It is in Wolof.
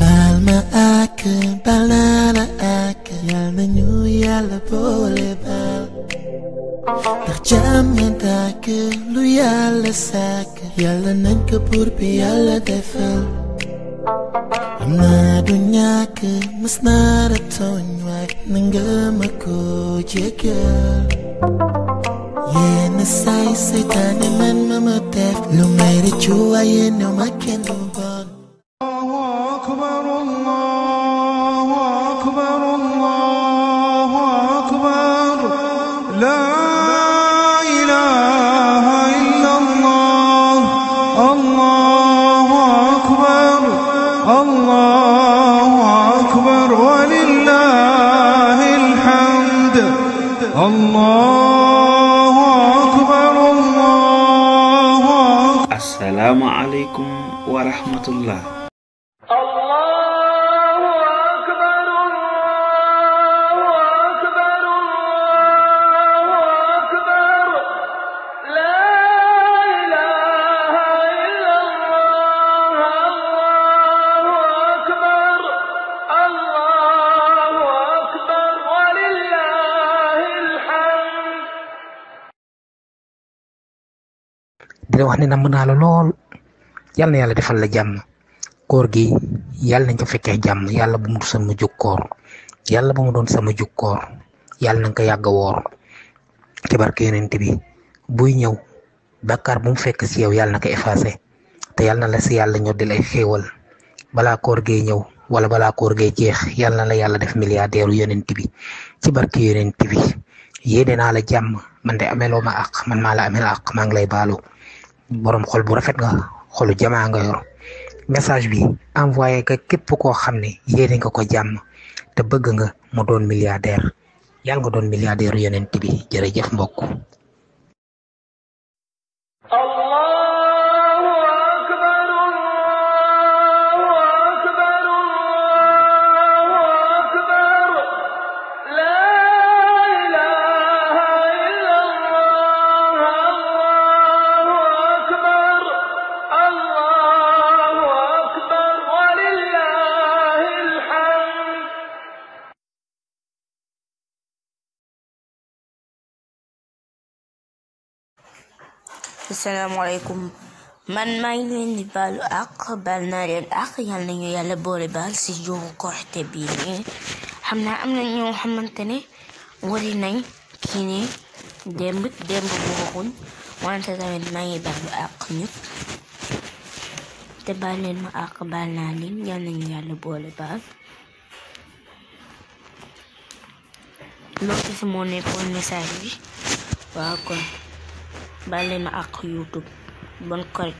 baal ma àkk baal naa la yal na ñu yàlla boole baal ndax jàmm na dàkk lu yàlla sàkk yàlla nañ ko buur bi yàlla defal am naa du ñàkk waay na nga ma ko jéggal yenn say saytaane man ma ma def lu may rëccu waaye néew ma kenn du أكبر الله أكبر الله أكبر لا إله إلا الله الله أكبر الله أكبر ولله الحمد الله أكبر الله أكبر السلام عليكم ورحمة الله di wax ni namm naa la lool yal na yàlla defal la jàmm koor gi yàlla nañ ko fekkee jàmm yàlla bu mu sama jug koor yàlla bu mu doon sama jug koor yàlla na nga ko yàgg a woor ci barke yonent bi buy ñëw bakkar bu mu fekk si yow yàlla na ko effacé te yàlla na la si yàlla ñoo di lay xéewal balaa koor gee ñëw wala balaa koor gee jeex yàlla na la yàlla def milliardaire yonent bi ci barke yonent bi yéene naa la jàmm man de ameloo ma àq man maa la amel àq maa ngi lay borom xol bu rafet nga xolu jamaa nga yor message bi envoyé ko képp koo xam ne yéene nga ko jàmm te bëgg nga mu doon milliardaire yàlla nga doon milliardaire yonent bi jërëjëf mbokk asalaamaaleykum man maa leen di baalu ak baal naa leen ak yàlla boole baal si jour korite bii nii xam naa am na ñoo xamante ne wari nañ kii nii démb démb bu waxuñ wante tamit maa baalu ak ñëpp te baal leen ma ak baal naa leen yàlla boole baal loolu kese moo nekkoon message bi waaw kon baal leen ma àq youtube bonne correction